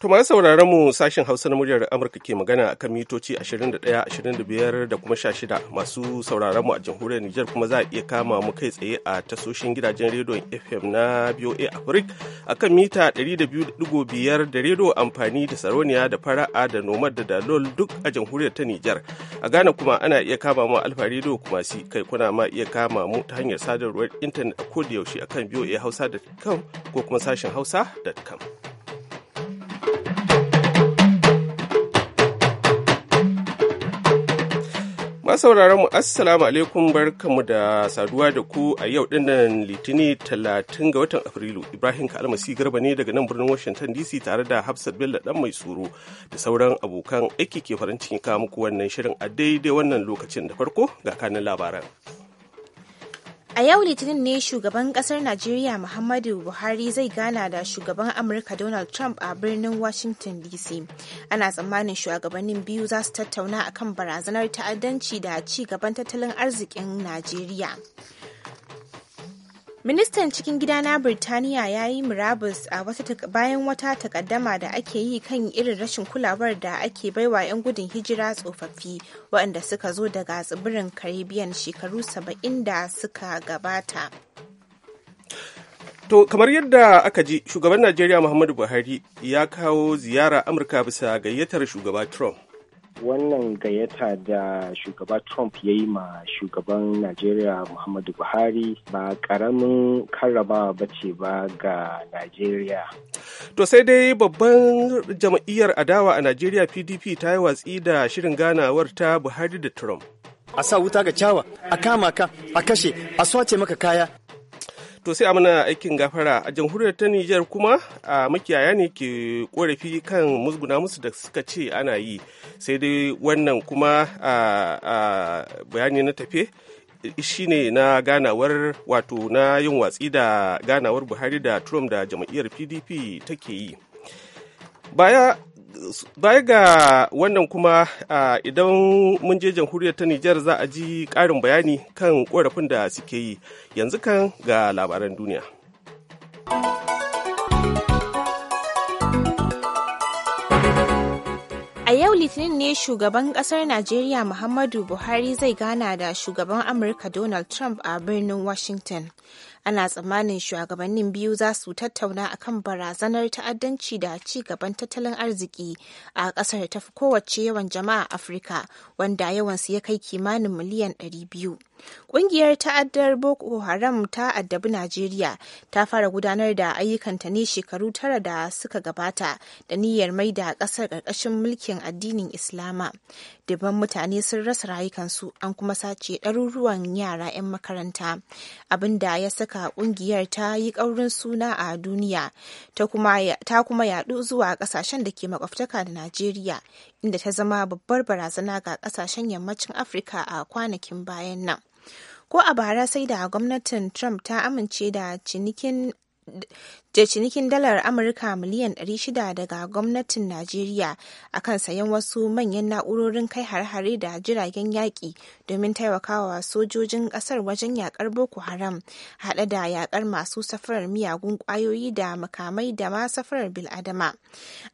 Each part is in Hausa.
Tuma sauraron mu sashen Hausa na muryar Amurka ke magana a kan mitoci 21, 25 da kuma 16 masu sauraron mu a jamhuriyar Nijar kuma za a iya kama mu kai tsaye a tasoshin gidajen rediyon FM na BOA Africa a kan mita 200.5 da rediyo amfani da sarauniya da fara'a da nomad da dalol duk a jamhuriyar ta Nijar. A Ghana kuma ana iya kama mu alfa rediyo kuma si kai kuna ma iya kama mu ta hanyar sadarwar intanet a koda yaushe akan BOA Hausa.com ko kuma sashen Hausa.com. sauraron mu assalamu alaikum barkamu da saduwa da ku a yau dinnan litini 30 ga watan Afrilu. Ibrahim Kalmasi Garba ne daga nan birnin Washington DC tare da Hafsat Bello dan mai tsoro da sauran abokan aiki ke farin cikin kawo muku wannan shirin a daidai wannan lokacin da farko ga kanin labaran. A yau Litinin ne shugaban kasar Najeriya Muhammadu Buhari zai gana da shugaban Amurka Donald Trump a birnin Washington DC. Ana tsammanin shugabannin biyu za su tattauna akan barazanar ta'addanci da ci gaban tattalin arzikin Najeriya. Ministan cikin gida na Birtaniya ya yi murabus a wata bayan wata takaddama da ake yi kan irin rashin kulawar da ake baiwa 'yan gudun hijira tsofaffi waɗanda suka zo daga tsibirin Caribbean shekaru saba'in da suka gabata. To, kamar yadda aka ji, shugaban Najeriya Muhammadu Buhari ya kawo ziyara Amurka bisa gayyatar shugaba Trump. wannan gayyata da shugaba trump ya yi ma shugaban najeriya muhammadu buhari ba karamin karrabawa ba ce ba ga najeriya to sai dai babban jam'iyyar adawa a najeriya pdp ta yi watsi da shirin ganawar ta buhari da trump a sa wuta ga cawa a kama ka a kashe a swace maka kaya to sai mana aikin gafara a jamhuriyar ta nijar kuma a makiyaya ne ke korafi kan musguna musu da suka ce ana yi sai dai wannan kuma a bayani na tafe shi ne na ganawar wato na yin watsi da ganawar buhari da trump da jam'iyyar pdp take yi baya baya ga wannan kuma idan mun je jamhuriyar ta Nijar za a ji ƙarin bayani kan ƙorafin da suke yi yanzu kan ga labaran duniya. A yau Litinin ne shugaban ƙasar Najeriya Muhammadu Buhari zai gana da shugaban Amurka Donald Trump a birnin Washington. ana tsammanin shugabannin biyu za su tattauna kan barazanar ta'addanci da ci gaban tattalin arziki a ƙasar ta fi kowace yawan jama'a afirka wanda yawansu ya kai kimanin miliyan 200 Ƙungiyar ta'addar Boko Haram ta addabi Najeriya ta fara gudanar da ayyukanta ne shekaru tara da suka gabata da niyyar mai da ƙasar ƙarƙashin mulkin addinin Islama. Dubban mutane sun rasa rayukansu an kuma sace ɗaruruwan yara 'yan makaranta abinda ya saka ƙungiyar ta yi ƙaurin suna a duniya ta kuma yaɗu zuwa ƙasashen da ke makwabtaka da Najeriya inda ta zama babbar barazana ga ƙasashen yammacin Afirka a kwanakin bayan nan. ko a bara sai da gwamnatin trump ta amince da cinikin da cinikin dalar amurka miliyan 600 daga gwamnatin najeriya a kan sayan wasu manyan na'urorin kai har-hare da jiragen yaƙi domin taimakawa sojojin ƙasar wajen yaƙar boko haram haɗe da yaƙar masu safarar miyagun ƙwayoyi da makamai da ma safarar biladama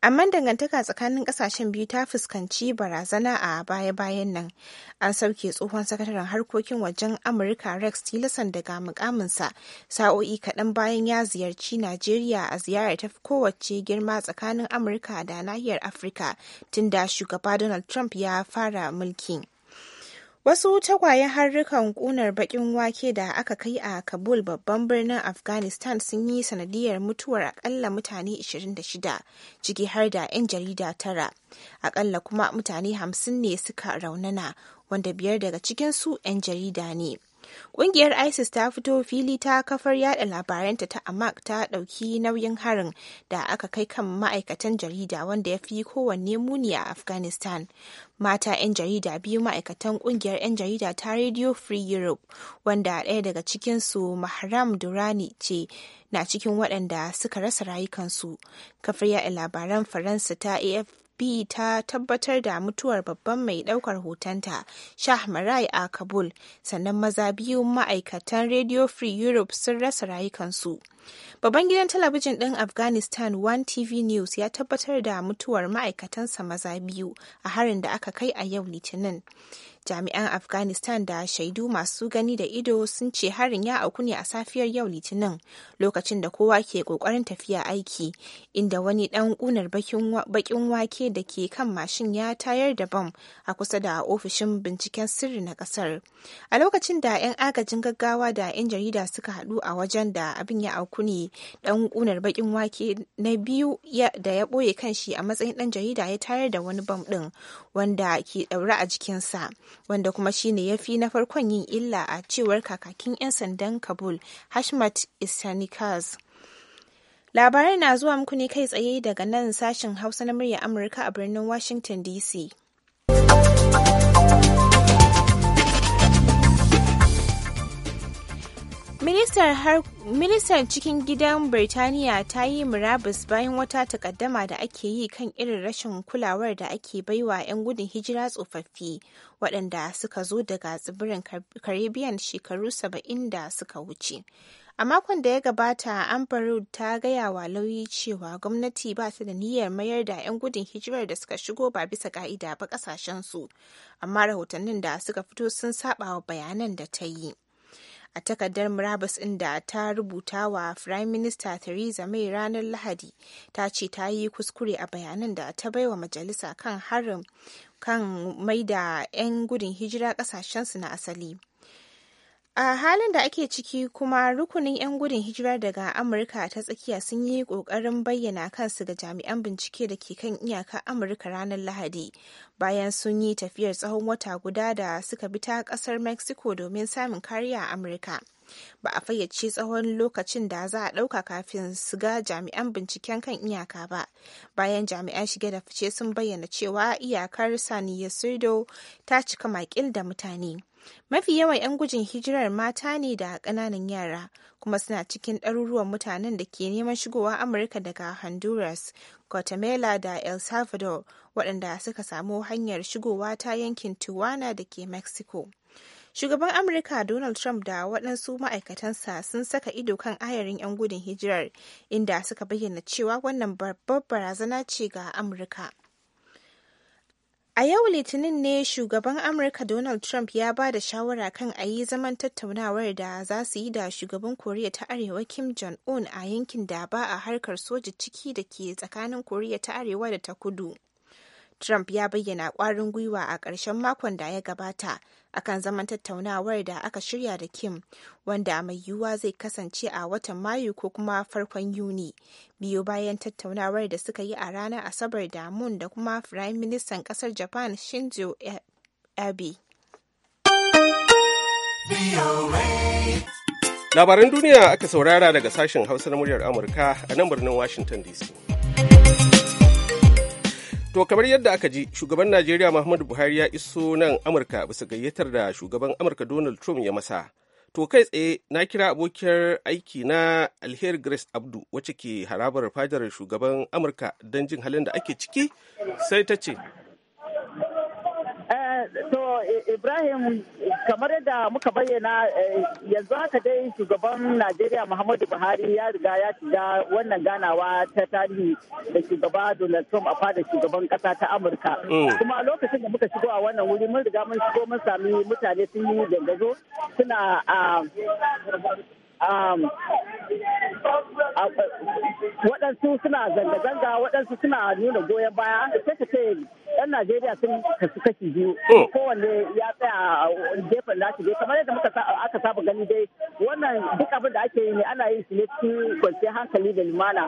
amma dangantaka tsakanin ƙasashen biyu ta fuskanci barazana a baya-bayan nan an sauke tsohon sakataren harkokin wajen amurka rex tillerson daga mukaminsa sa'o'i kaɗan bayan ya ziyarci najeriya Najeriya a ziyarar ta kowace girma tsakanin Amurka da nahiyar Afirka tun da shugaba Donald Trump ya fara mulki. Wasu tagwayen harrukan kunar bakin wake da aka kai a Kabul babban birnin Afghanistan sun yi sanadiyar mutuwar akalla mutane 26 ciki har da 'yan jarida tara. Akalla kuma mutane 50 ne suka raunana wanda biyar daga cikinsu 'yan jarida ne. Ƙungiyar ISIS ta fito fili ta kafar yada labaranta ta Amak ta ɗauki nauyin harin da aka kai kan ma'aikatan jarida wanda ya fi kowanne muni a Afghanistan. Mata 'yan jarida biyu ma'aikatan ƙungiyar 'yan jarida ta Radio Free Europe wanda ɗaya daga cikinsu Mahram Durani ce na cikin waɗanda suka rasa rayukansu. Kafar yada labaran Faransa ta AFP bi ta tabbatar da mutuwar babban mai daukar hotonta shah marai a kabul sannan maza biyu ma'aikatan radio free europe sun rasa rayukansu babban gidan talabijin ɗin afghanistan one tv news ya tabbatar da mutuwar ma'aikatansa maza biyu a harin da aka kai a yau litinin Jami'an Afghanistan da shaidu masu gani da ido sun ce harin ya auku ne a safiyar yau Litinin lokacin da kowa ke kokarin tafiya aiki, inda wani dan kunar bakin wake da ke kan mashin ya tayar da bam a kusa da ofishin binciken sirri na kasar A lokacin da 'yan agajin gaggawa da 'yan jarida suka hadu a wajen da abin ya auku ne dan kunar bakin wake na biyu da ya boye kanshi a matsayin dan jarida ya tayar da wani bam ɗin wanda ke ɗaure a jikinsa. wanda kuma shine ya fi na farkon yin illa a cewar kakakin 'yan sandan kabul hashmat isanikaz labarai na zuwa muku ne kai tsaye daga nan sashen hausa na murya amurka a birnin washington dc Ministan cikin gidan Birtaniya ta yi murabus bayan wata takaddama da ake yi kan irin rashin kulawar da ake baiwa 'yan gudun hijira tsofaffi waɗanda suka zo daga tsibirin Caribbean shekaru saba'in da suka wuce. A makon da ya gabata, Amber ta gaya wa lauyi cewa gwamnati ba su da niyyar mayar da 'yan gudun hijirar da suka shigo ba bisa ka'ida ba su amma rahotannin da suka fito sun saba wa bayanan da ta yi. a takardar murabus inda ta rubuta wa Firayim Minista Theresa May ranar Lahadi ta ce ta yi kuskure a bayanan da ta baiwa majalisa kan harin kan maida 'yan gudun hijira ƙasashensu na asali. a halin da ake ciki kuma rukunin 'yan gudun hijira daga amurka ta tsakiya sun yi kokarin bayyana kansu ga jami'an bincike da ke kan iyaka amurka ranar lahadi bayan sun yi tafiyar tsawon wata guda da suka bi ta kasar mexico domin samun kariya a amurka ba a fayyace tsawon lokacin da za a ɗauka kafin su ga jami'an binciken kan iyaka ba bayan jami'an shige da fice sun bayyana cewa iyakar ya sudo ta cika makil da mutane mafi yawan 'yan gujin hijirar mata ne da ƙananan yara kuma suna cikin ɗaruruwan mutanen da ke neman shigowa amurka daga honduras guatemala da el salvador waɗanda suka samu hanyar shigowa ta yankin tijuana da ke mexico Shugaban Amurka Donald Trump da waɗansu ma'aikatansa sun saka ido kan ayarin 'yan gudun hijirar inda suka bayyana cewa wannan babbar barazana ce ga Amurka. A yau Litinin ne shugaban Amurka Donald Trump ya ba da shawara kan a yi zaman tattaunawar da za su yi da shugaban Koriya ta Arewa Kim Jong-un a yankin da ba a harkar soja ciki da ke tsakanin Koriya ta Arewa da ta kudu. Trump ya bayyana ƙwarin gwiwa a ƙarshen makon da ya gabata akan zaman tattaunawar da aka shirya da Kim, wanda mai yiwuwa zai kasance a watan Mayu ko kuma farkon Yuni, biyu bayan tattaunawar da suka yi a ranar Asabar da mun da kuma Firayim Ministan ƙasar Japan Shinzo Abe. Labaran duniya aka saurara daga sashen Hausa na muryar Amurka a nan birnin Washington DC. To kamar yadda aka ji shugaban Najeriya Muhammadu Buhari ya iso nan Amurka bisa gayyatar da shugaban Amurka Donald Trump ya masa. To kai tsaye na kira abokiyar aiki na Alheri Grace Abdu wacce ke harabar fadar shugaban Amurka don jin halin da ake ciki sai ta ce to Ibrahim kamar yadda muka bayyana eh, yanzu haka dai shugaban Najeriya Muhammadu Buhari ya riga ya shiga wannan ganawa ta tarihi da shugaba Donald Trump a fada shugaban kasa ta Amurka. Mm. Kuma lokacin da muka shigo a wannan wuri mun riga mun shigo mun sami mutane sun yi gangazo suna waɗansu suna zanga-zanga waɗansu suna nuna goyon baya sai 'yan Najeriya sun kasu kashi biyu kowanne ya tsaya gefen nashi dai kamar yadda muka aka saba gani dai wannan duk abin da ake yi ne ana yin shi ne cikin kwanciyar hankali da limana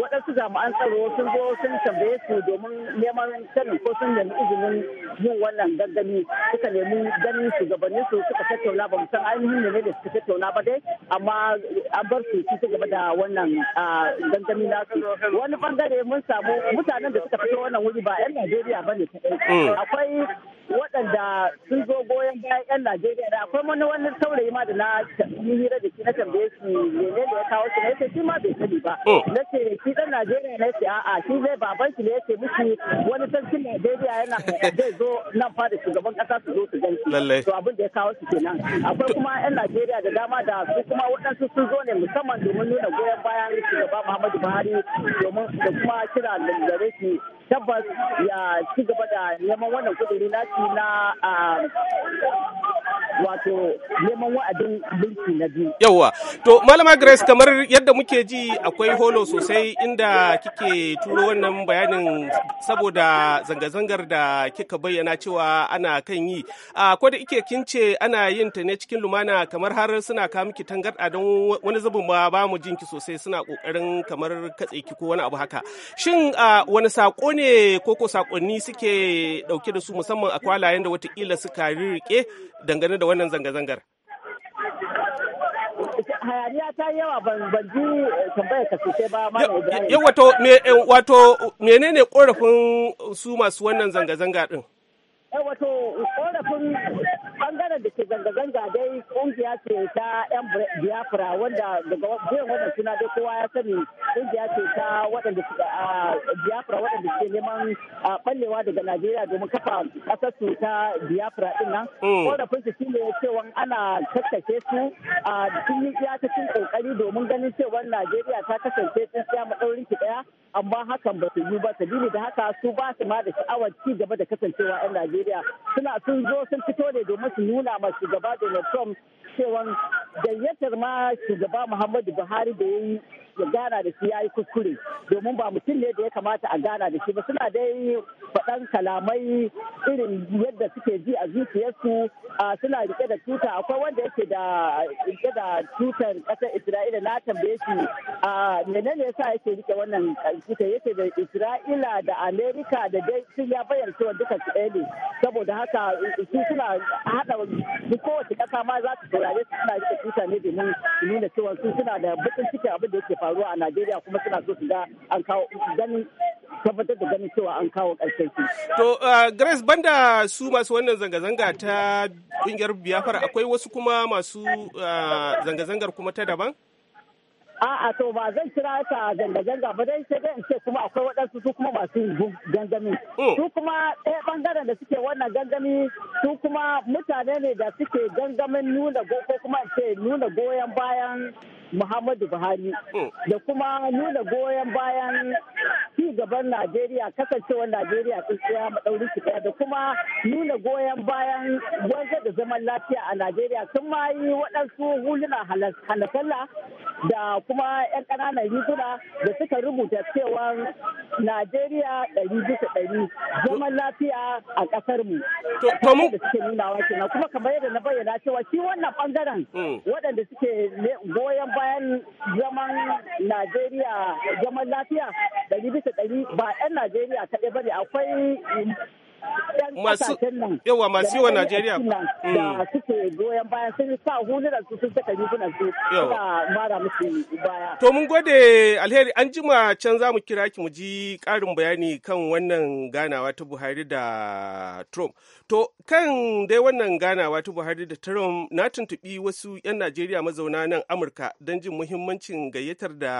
waɗansu jami'an tsaro sun zo sun tambaye su domin neman sanin ko sun nemi izinin yin wannan gangami suka nemi ganin shugabannin su suka tattauna ba san ainihin ne da suka tattauna ba dai amma an bar su su gaba da wannan ah, gangami nasu wani bangare mun samu mutanen da suka fito wannan wuri ba 'yan Najeriya lafiya ba ne mm. Akwai waɗanda sun zo goyon bayan 'yan Najeriya da akwai wani wani saurayi ma da na hira da shi na tambaye shi ne da ya kawo shi na shi ma bai sani ba. Oh. Na ce shi ɗan Najeriya na yace a'a shi zai baban shi ne yake miki wani sarkin Najeriya yana zai zo nan fa da shugaban ƙasa su zo su gan shi. To abin da ya kawo shi kenan. Akwai kuma 'yan Najeriya da dama da su kuma waɗansu sun zo ne musamman domin nuna goyon bayan shugaba Muhammadu Buhari domin da kuma kira da shi tabbas ya ci gaba da neman wannan kudiri na mataki na wato neman wa'adin mulki na biyu. Yawwa, to Malama Grace kamar yadda muke ji akwai holo sosai inda kike turo wannan bayanin saboda zanga-zangar da kika bayyana cewa ana kan yi. A kwada ike kin ana yin ta ne cikin lumana kamar har suna kawo miki tangarɗa don wani zubin ba ba mu jinki sosai suna kokarin kamar katse ki ko wani abu haka. Shin wani saƙo ne ko ko saƙonni suke ɗauke da su musamman a kwalayen da watakila suka rirriƙe dangane da wannan zanga-zangar? hayaniya ta yawa ban ji eh, tambayar ka sosai ba mana Ibrahim. wato eh, wato menene korafin su masu wannan zanga-zanga din? Eh, wato korafin bangaren da ke zanga-zanga dai kungiya ce ta yan biafra wanda daga biyan wannan suna dai kowa ya sani ƙungiya ce ta waɗanda biafra waɗanda ke neman ɓallewa daga najeriya domin kafa ƙasar su ta biafra ɗin nan korafin oh. su shine cewa ana tattake su sun yi iya ta cin kokari domin ganin cewa najeriya ta kasance tsintsiya maɗaurin ki ɗaya amma hakan ba su yi ba sabili da haka su ba su ma da sha'awar ci gaba da kasancewa 'yan najeriya suna sun zo sun fito ne domin su nuna nuna ma shugaba Donald Trump cewa gayyatar ma shugaba Muhammadu Buhari da ya yi ya gana da shi ya yi kuskure domin ba mutum ne da ya kamata a gana da shi ba suna dai faɗan kalamai irin yadda suke ji a zuciyarsu suna rike da tuta akwai wanda yake da rike da tutar ƙasar isra'ila na tambaye shi a menene yasa yake rike wannan tuta yake da isra'ila da amerika da dai sun ya bayar cewa duka su ɗaya ne saboda haka su suna haɗa kowace ƙasa ma za su zane su suna yi tuta domin su nuna cewa su suna da bakin ciki abin da yake faruwa a Najeriya kuma suna so su ga an kawo ganin tabbatar da ganin cewa an kawo ƙarshen shi. To uh, Grace banda su masu wannan zanga-zanga ta ƙungiyar biyafar akwai wasu kuma masu uh, zanga-zangar kuma ta daban? A'a to ba zan kira ta zanga-zanga ba dai sai dai in ce kuma akwai waɗansu su kuma masu gangami. Oh. Su kuma ɗaya ɓangaren da suke wannan gangami su kuma mutane ne da suke gangamin nuna ko kuma in ce nuna goyon bayan Muhammadu Buhari da kuma nuna goyon bayan ci gaban Najeriya kasancewar Najeriya tsintsiya maɗauri shiga da kuma nuna goyon bayan wanda da zaman lafiya a Najeriya sun ma yi waɗansu huluna halafalla da kuma 'yan ƙananan riguna da suka rubuta cewa Najeriya ɗari bisa ɗari zaman lafiya a ƙasar mu. To mu da suke nunawa kenan kuma kamar yadda na bayyana cewa shi wannan ɓangaren mm. waɗanda suke goyon bayan zaman Najeriya zaman lafiya ɗari bisa ɗari ba 'yan Najeriya kaɗai ba ne akwai masu yawa masu yawa Najeriya da mm. suke goyon baya sun sa hulunan su sun saka rigunan su suna mara musu baya. To mun gode alheri an jima can za mu kira ki mu ji ƙarin bayani kan wannan ganawa ta Buhari da Trump. To kan dai wannan ganawa ta Buhari da Trump na tuntuɓi wasu 'yan Najeriya mazauna nan Amurka don jin muhimmancin gayyatar da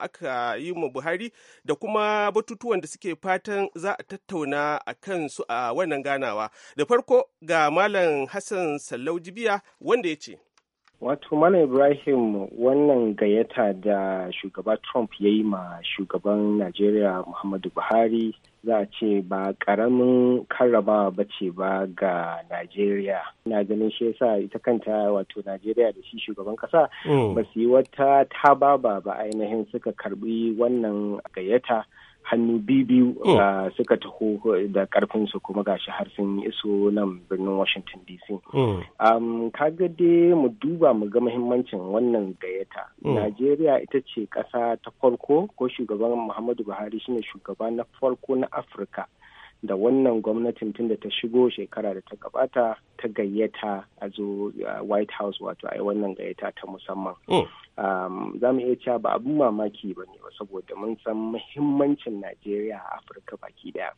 aka yi ma Buhari da kuma batutuwan da suke fatan za a tattauna a kansu su a wannan ganawa. Da farko ga Malam Hassan Sallau Jibiya wanda ya ce. Wato Malam Ibrahim wannan gayyata da shugaba Trump ya yi ma shugaban Najeriya Muhammadu Buhari za a ce ba karamin karramawa ba ce ba ga Najeriya. Na ganin shi yasa ita kanta wato Najeriya da shi shugaban kasa mm. ba su yi wata tababa ba ainihin suka karbi wannan gayyata. hannu biyu oh. ah, suka taho da karfinsu kuma gashi har sun iso nan birnin washington dc oh. kaga dai mu duba mu ga muhimmancin wannan gayyata oh. najeriya ita ce ƙasa ta farko ko shugaban muhammadu buhari shine shugaba na farko na afirka da wannan gwamnatin tun da ta shigo shekara da ta gabata ta gayyata a zo white house wato a wannan gayyata ta musamman oh. um, za mu iya cewa ba abin mamaki ba ne saboda mun san muhimmancin najeriya a afirka baki daya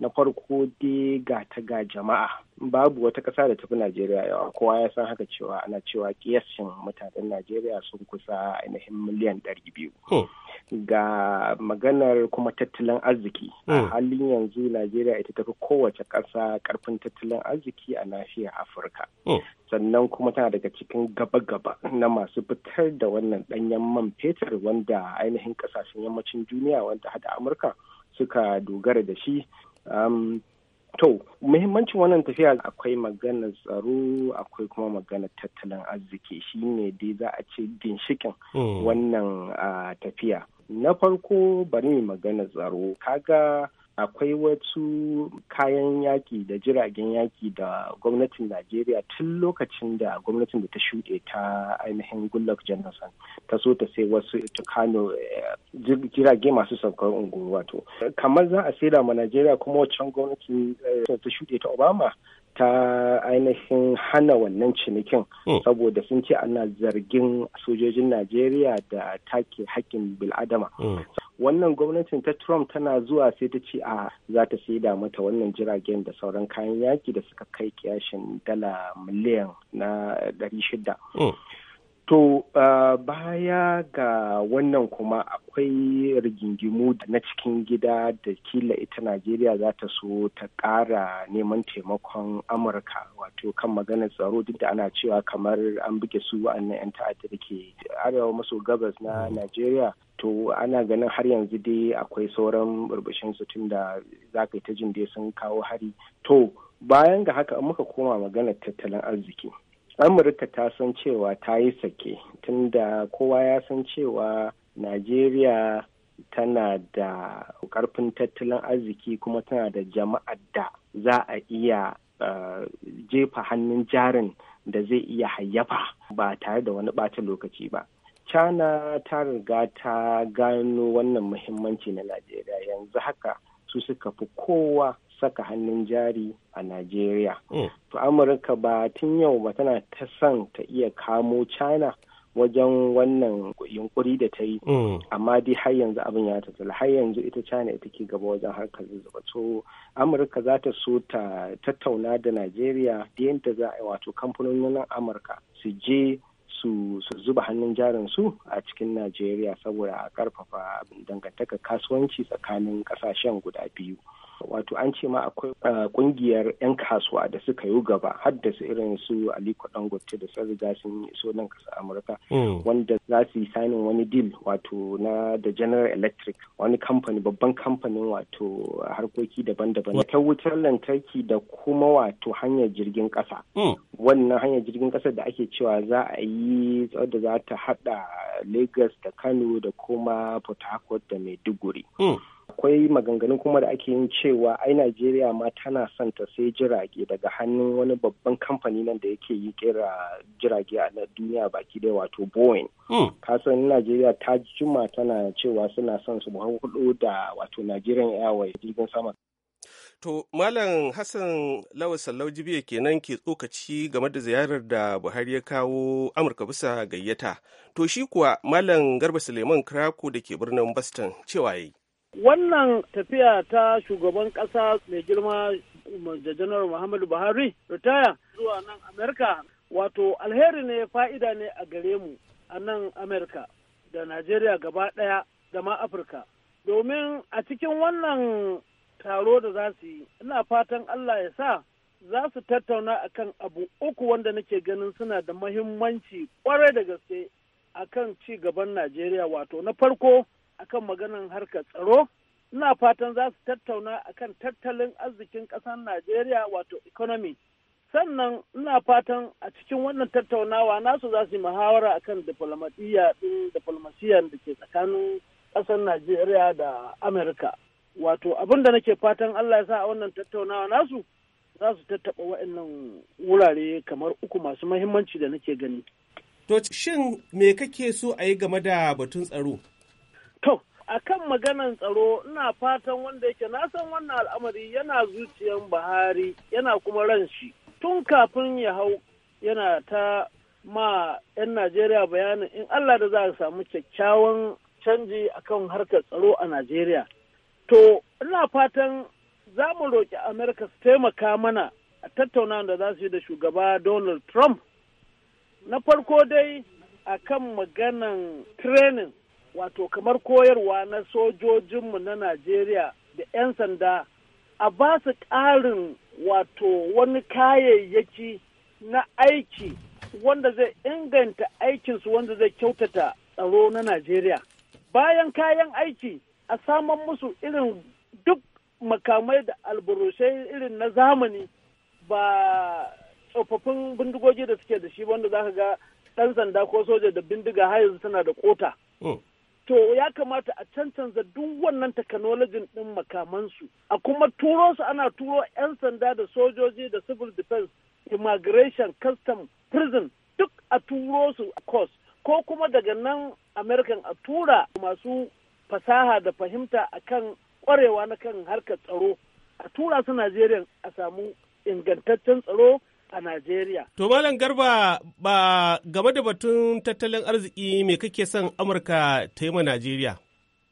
na farko dai ga ta ga jama'a babu wata ƙasa da tafi najeriya yawa kowa ya san haka cewa ana cewa kiyasin mutanen najeriya sun kusa ainihin miliyan ɗari biyu oh. ga maganar kuma tattalin arziki a oh. halin yanzu najeriya ita tafi kowace ƙasa ƙarfin tattalin arziki a nahiyar afirka oh. sannan kuma tana daga cikin gaba-gaba na masu fitar da wannan ɗanyen man fetur wanda ainihin ƙasashen yammacin duniya wanda hada amurka suka dogara da shi Um, to muhimmancin wannan tafiya akwai maganar tsaro akwai kuma maganar tattalin arziki shi ne dai za a ce ginshikin hmm. wannan ah, tafiya na farko bari magana tsaro kaga akwai wasu kayan yaƙi da jiragen yaƙi da gwamnatin najeriya tun lokacin da gwamnatin da ta shuɗe ta ainihin goodluck jonathan ta so ta sai wasu tukano eh, jirage masu saukar unguwa wato kamar za a saida ma najeriya kuma waccan gwamnatin eh, ta shuɗe ta obama ta ainihin hana wannan cinikin hmm. saboda sun ce ana zargin sojojin najeriya da take hakkin biladama hmm. wannan gwamnatin ta trump tana zuwa sai ta ce a za ta saida mata wannan jiragen da sauran kayan yaki da suka kai kiyashin dala miliyan na 600 To uh, baya ga wannan kuma akwai rigingimu na cikin gida da kila ita Najeriya za ta so ta ƙara neman taimakon Amurka wato kan maganar tsaro duk da ana cewa kamar an buge su wa'annan 'yan ta'adda da ke arewa maso gabas na mm. Najeriya. To ana ganin har yanzu dai akwai sauran burbushin su tun da za ka ta jin dai sun kawo hari. To bayan ga haka muka koma maganar tattalin arziki. amurka ta san cewa ta yi sake tunda kowa ya san cewa najeriya tana da karfin tattalin arziki kuma tana da jama'ar da za a iya eh, jefa hannun jarin da zai iya hayyafa ba tare da wani ɓata lokaci ba china ta riga ta gano wannan muhimmanci na najeriya yanzu haka su suka fi kowa saka hannun jari a Najeriya. Hmm. To Amurka ba tun yau ba tana ta son ta iya kamo China wajen wannan yunkuri da ta yi hmm. amma dai har yanzu abin ya tattala har yanzu ita china ita ke gaba wajen harkar zuba To amurka za ta so ta tattauna da najeriya da yadda za a yi wato kamfanonin amurka su je su zuba hannun jarin su a cikin najeriya saboda a karfafa dangantaka kasuwanci tsakanin kasashen guda biyu wato an ce ma akwai kungiyar uh, 'yan kasuwa da suka yi gaba har da irin su aliko dangote da sun riga sun yi so nan kasa amurka mm. wanda za su yi sanin wani deal wato na da general electric wani kamfani babban kamfanin wato harkoki daban-daban ta wutar lantarki da kuma wato hanyar jirgin kasa mm. wannan hanyar jirgin kasa da ake cewa za a yi da za ta hada lagos da kano da kuma port harcourt da maiduguri mm. akwai maganganun kuma da ake yin cewa ai najeriya ma tana son ta sai jirage daga hannun wani babban kamfani nan da yake yi kera jirage a duniya baki daya wato boeing hmm. kasan najeriya ta jima tana cewa suna son su hudu da wato nigerian airways jirgin sama To, Malam Hassan Lawal Sallau Jibiya kenan ke tsokaci game da ziyarar da Buhari ya kawo Amurka bisa gayyata. To, shi kuwa Malam Garba Suleiman Krako da ke birnin Boston cewa yi. Wannan tafiya ta shugaban ƙasa mai girma da janar Muhammadu Buhari ritaya zuwa nan Amerika wato alheri ne fa'ida ne a gare mu a nan Amerika da Najeriya gaba ɗaya da ma Afirka. Domin a cikin wannan taro da za su yi, ina fatan Allah ya sa za su tattauna kan abu uku wanda nake ganin suna da mahimmanci kwarai da gaske akan ci gaban Najeriya wato na farko akan maganan harkar tsaro ina fatan za su tattauna akan tattalin arzikin ƙasar najeriya wato economy sannan ina fatan a cikin wannan tattaunawa nasu za su yi muhawara akan diplomatiyya din diplomasiyyar da ke tsakanin ƙasar najeriya da amerika wato abin da nake fatan allah ya sa a wannan tattaunawa nasu za su tattaɓa waɗannan wurare kamar uku masu muhimmanci da nake gani. To shin me kake so a yi game da batun tsaro? To, a kan maganan tsaro ina fatan wanda yake na san wannan al'amari yana zuciyan Buhari yana kuma ran shi. Tun kafin ya hau yana ta ma 'yan Najeriya bayanin in Allah da za a samu kyakkyawan canji akan harkar tsaro a Najeriya. To, ina fatan za mu roƙi Amerika su taimaka mana a tattauna da za su yi da shugaba Donald Trump. Na farko dai a kan maganan training wato kamar koyarwa na sojojinmu na Najeriya da 'yan sanda a ba su ƙarin wato wani kayayyaki na aiki wanda zai inganta aikinsu wanda zai kyautata tsaro na Najeriya. Bayan kayan aiki a saman musu irin duk makamai da alburushai irin na zamani ba tsofaffin bindigogi da suke da shi wanda za ka ga ɗan sanda ko soja da bindiga har yanzu tana da kota. Oh. to ya kamata a cancanza duk wannan takanologin din makamansu a kuma turo su ana turo 'yan sanda da sojoji da civil defense immigration custom prison duk a turo su a course ko kuma daga nan american a tura masu fasaha da fahimta akan kwarewa na kan harkar tsaro a tura su nigeria a samu ingantaccen tsaro a Najeriya. To Malam Garba ba game da batun tattalin arziki me kake son Amurka ta yi ma Najeriya?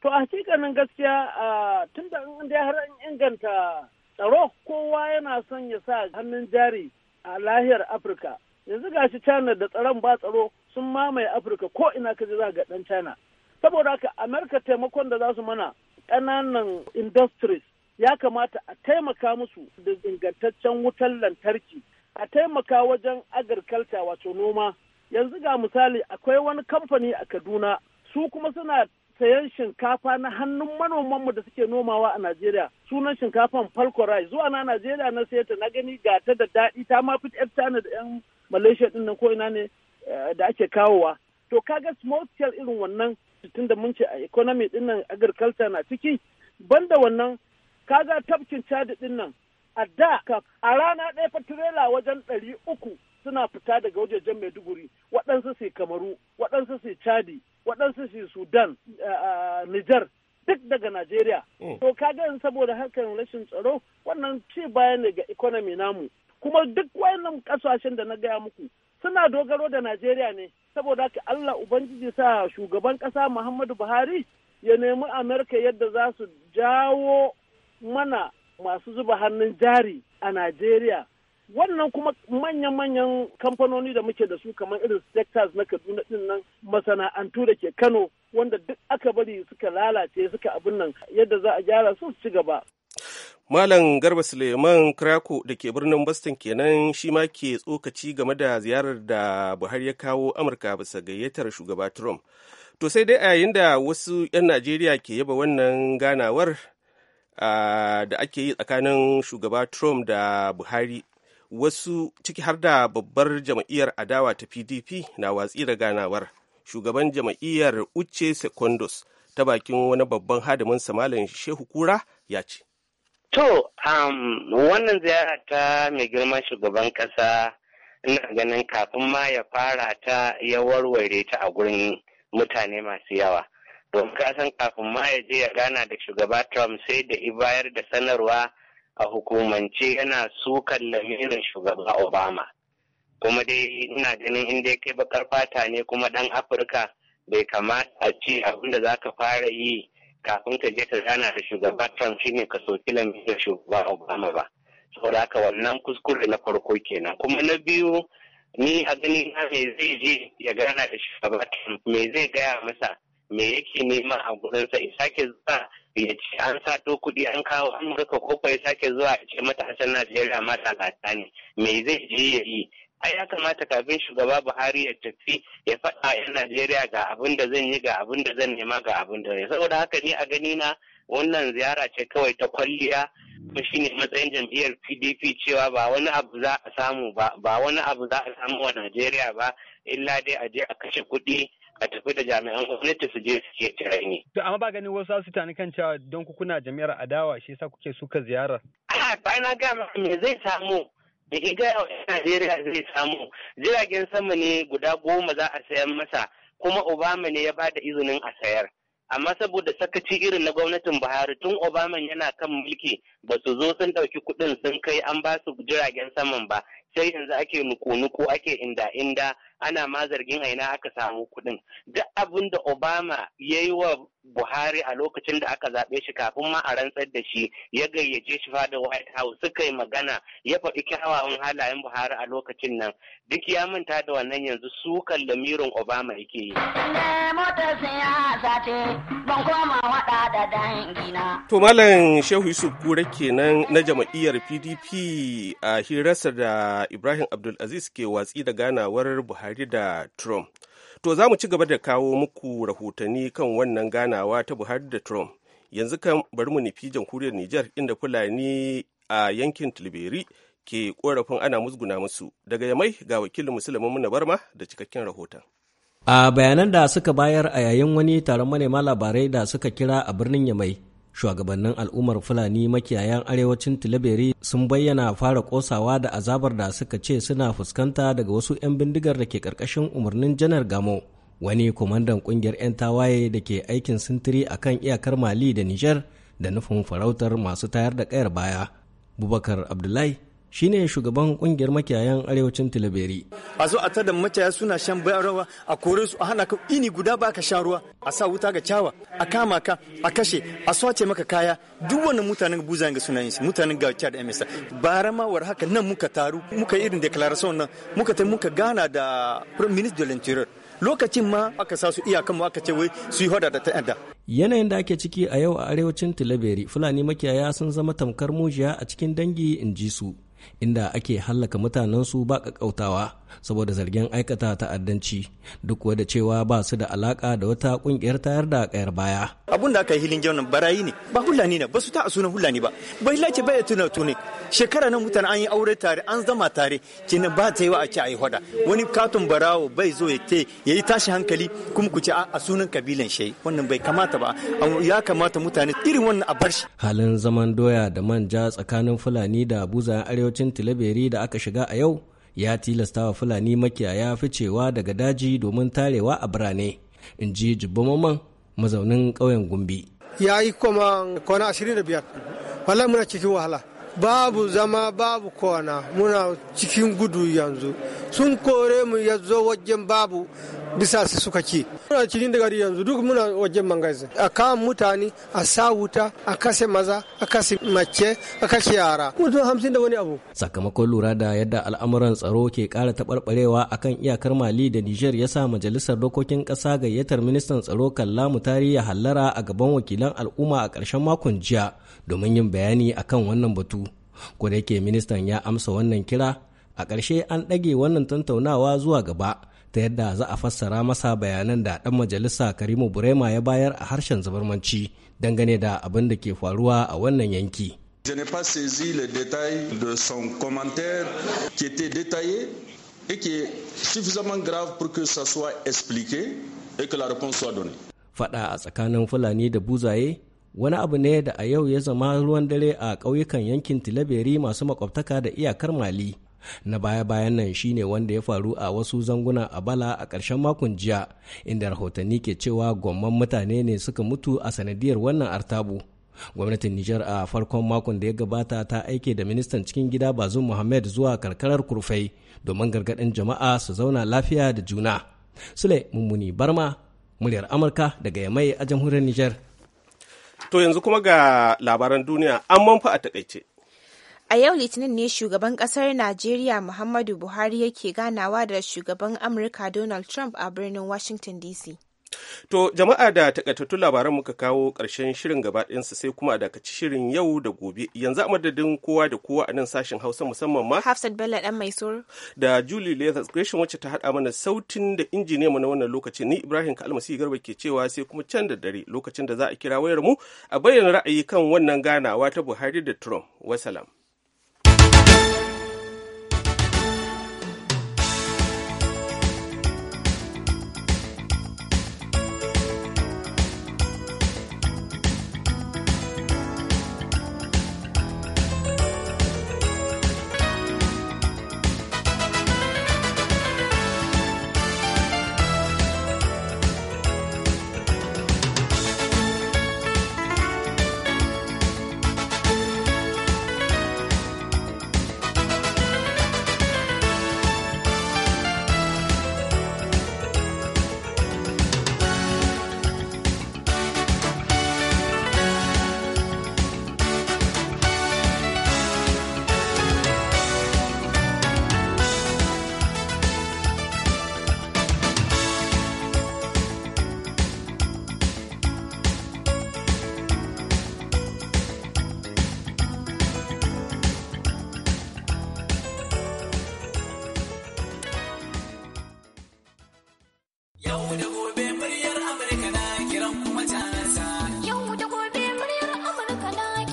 To a hakikanin gaskiya tun da an har an inganta tsaro kowa yana son ya sa hannun jari a lahiyar Afirka. Yanzu ga shi China da tsaron ba tsaro sun mamaye Afirka ko ina ka ji za ga dan China. Saboda haka Amurka taimakon da za su mana ƙananan industries ya kamata a taimaka musu da ingantaccen wutar lantarki a taimaka wajen agriculture wato noma yanzu ga misali akwai wani kamfani a kaduna su kuma suna sayan shinkafa na hannun manoman mu da suke nomawa a Najeriya sunan shinkafan falkorai zuwa na Najeriya na ta na gani ga ta da daɗi ta ma fit China da 'yan Malaysia ɗinnan nan ko ina ne eh, da ake kawowa to kaga small scale irin wannan tun da mun ce a economy ɗinnan nan agriculture na ciki banda wannan kaga tafkin Chad ɗinnan. nan a da a rana ɗaya fa turela wajen ɗari uku suna fita daga wajejen maiduguri waɗansu sai kamaru waɗansu sai chadi waɗansu sai sudan eh, eh, nijar duk daga najeriya oh. to kaga saboda hakan rashin tsaro wannan ci baya ne ga economy namu kuma duk wayannan kasashen da na gaya muku suna dogaro da najeriya ne saboda haka allah ubangiji sa shugaban kasa muhammadu buhari ya nemi amerika yadda za su jawo mana masu zuba hannun jari a Najeriya wannan kuma manyan-manyan kamfanoni da muke da su kamar irin sectors na kaduna ɗin nan masana'antu da ke kano wanda duk aka bari suka lalace suka abin nan yadda za a gyara su ci gaba malam garba suleiman krako da ke birnin boston kenan shi ma ke tsokaci game da ziyarar da buhari ya kawo amurka bisa gayyatar shugaba trump to sai dai a yayin da wasu 'yan najeriya ke yaba wannan ganawar da ake yi tsakanin shugaba Trump da Buhari wasu ciki har da babbar jam'iyyar adawa ta PDP na watsi da ganawar. Shugaban jam'iyyar Uche Secondos ta bakin wani babban hadimin Malam Shehu Kura ya ce. To, um, wannan ziyara ta mai girman shugaban ƙasa ina ganin kafin ma ya fara ta ya warware ta a gurin mutane masu yawa. don kasan kafin ma ya je ya gana da shugaba trump sai da bayar da sanarwa a hukumance yana sukan lamirin shugaba obama kuma dai ina ganin inda ya kai bakar fata ne kuma ɗan afirka bai kamata a ce abin da za ka fara yi kafin ka je ka gana da shugaba trump shine ka soki lamirin shugaba obama ba saboda haka wannan kuskure na farko kenan kuma na biyu ni a gani na me zai je ya gana da shugaba trump me zai gaya masa me yake nema a gurinsa ya sake zuwa ya ce an sato kuɗi an kawo amurka ko ya sake zuwa a ce matasan najeriya ma talata ne me zai je ya yi ai ya kamata kafin shugaba buhari ya tafi ya faɗa yan najeriya ga abin da zan yi ga abin da zan nema ga abin da zai saboda haka ni a gani na wannan ziyara ce kawai ta kwalliya kuma shine matsayin jam'iyyar pdp cewa ba wani abu za a samu ba ba wani abu za a samu wa najeriya ba illa dai a je a kashe kuɗi a tafi da jami'an gwamnati su je su ke tirani. To amma ba gani wasu su tani kan cewa don ku kuna jami'ar adawa shi yasa kuke suka ziyara? A ba na ga me zai samu da ke ga Najeriya zai samu jiragen sama ne guda goma za a sayan masa kuma Obama ne ya ba da izinin a sayar. amma saboda sakaci irin na gwamnatin Buhari tun Obama yana kan mulki ba su zo sun ɗauki kuɗin sun kai an ba su jiragen saman ba sai yanzu ake nuku-nuku ake inda-inda ana ma zargin aina aka samu kuɗin duk abin da obama ya yi wa Buhari a lokacin da aka zaɓe shi kafin ma a rantsar da shi ya gayyace shi fada White House suka yi magana ya faɗi kyawawan halayen Buhari a lokacin nan duk ya manta da wannan yanzu sukan lamirin Obama yake yi. motar To Malam Shehu Yusuf Kura kenan na jam'iyyar PDP a hirarsa da Ibrahim Abdulaziz ke watsi da ganawar Buhari da Trump. To za mu ci gaba da kawo muku rahotanni kan wannan ganawa ta Buhari da Trump. Yanzu kan bari mu nufi jamhuriyar Nijar inda Fulani a yankin Tilberi ke korafin ana musguna musu. Daga Yamai ga wakilin Musulman Muna Barma da cikakken rahoton. A bayanan da suka bayar a yayin wani taron manema labarai da suka kira a birnin Yamai, shugabannin al'ummar fulani makiyayan arewacin tilaberi sun bayyana fara kosawa da azabar da suka ce suna fuskanta daga wasu 'yan bindigar da ke karkashin umarnin janar gamo wani kwamandan kungiyar 'yan tawaye da ke aikin sintiri a kan iyakar mali da nijar da nufin farautar masu tayar da kayar baya bubakar abdullahi shine shugaban kungiyar makiyayan arewacin tilaberi a zo a tada makiyaya suna shan bayarwa a kore su a hana ka ini guda ba ka sha ruwa a sa wuta ga cawa a kama ka a kashe a swace maka kaya duk wannan mutanen buzan ga suna shi mutanen ga da ms bara ma war haka nan muka taru muka irin declaration nan muka ta muka gana da prime minister de lokacin ma aka sa su iyakan mu aka ce wai su yi hoda da ta'adda yanayin da ake ciki a yau a arewacin tilaberi fulani makiyaya sun zama tamkar mujiya a cikin dangi in ji su inda ake hallaka mutanensu ba ƙaƙƙautawa saboda zargin aikata ta'addanci duk da cewa ba su da alaka da wata ƙungiyar tayar da kayar baya. Abun da aka yi hilin gyaunan barayi ne ba hulani ne ba su ta a sunan hulani ba bai lace ya tuna tuni shekara na mutane an yi aure tare an zama tare kina ba ta yi wa a ce a yi hoda wani katon barawo bai zo ya te ya yi tashi hankali kuma ku ce a sunan kabilan shi wannan bai kamata ba ya kamata mutane irin wannan a bar shi. Halin zaman doya da manja tsakanin Fulani da buzayen arewa arewacin tilaberi da aka shiga a yau ya tilasta wa fulani makiyaya ficewa daga daji domin tarewa a birane in ji jibbomoman mazaunin ƙauyen gumbi ya yi kuma kwana 25 wallahi muna cikin wahala babu zama babu kwana muna cikin gudu yanzu sun kore mu ya zo wajen babu bisa su suka ke muna cikin da gari yanzu duk muna wajen mangazi a kawo mutane a sa wuta a kashe maza a kashe mace a kashe yara mutum hamsin da wani abu sakamakon lura da yadda al'amuran tsaro ke kara taɓarɓarewa a kan iyakar mali da nijar ya sa majalisar dokokin ƙasa gayyatar ministan tsaro kalla mutari ya hallara a gaban wakilan al'umma a ƙarshen makon jiya domin yin bayani a kan wannan batu ko ministan ya amsa wannan kira a ƙarshe an ɗage wannan tantaunawa zuwa gaba ta yadda za a fassara masa bayanan da ɗan majalisa Karimu Burema ya bayar a harshen zabarmanci dangane da abin da ke faruwa a wannan yanki. Je n'ai pas saisi le détail de son commentaire qui était détaillé et qui est suffisamment grave pour que ça soit expliqué et que la réponse soit donnée. Fada a tsakanin Fulani da Buzaye wani abu ne da a yau ya zama ruwan dare a ƙauyukan yankin Tilaberi masu makwabtaka da iyakar Mali. na baya-bayan nan shine wanda ya faru a wasu zanguna a bala a ƙarshen makon jiya inda rahotanni ke cewa gomman mutane ne suka mutu a sanadiyar wannan artabu gwamnatin nijar a farkon makon da ya gabata ta aike da ministan cikin gida bazu muhammad zuwa karkarar kurfai domin gargaɗin jama'a su zauna lafiya da juna sule mummuni barma muryar amurka daga yamai a jamhuriyar nijar to yanzu kuma ga labaran duniya an manfa a takaice A yau Litinin ne shugaban kasar Najeriya Muhammadu Buhari yake ganawa da shugaban Amurka Donald Trump a birnin Washington DC. To jama'a da takaitattun labaran muka kawo ƙarshen shirin gabaɗinsa sai kuma a dakaci shirin yau da gobe yanzu a madadin kowa da kowa a nan sashen hausa musamman ma Hafsat Bello dan mai soro. Da Julie Leathers Gresham wacce ta haɗa mana sautin da injiniya mu na wannan lokaci ni Ibrahim Kalmasi Garba ke cewa sai kuma can da dare lokacin da za a kira wayar mu a bayyana ra'ayi kan wannan ganawa ta Buhari da Trump. Wasalam.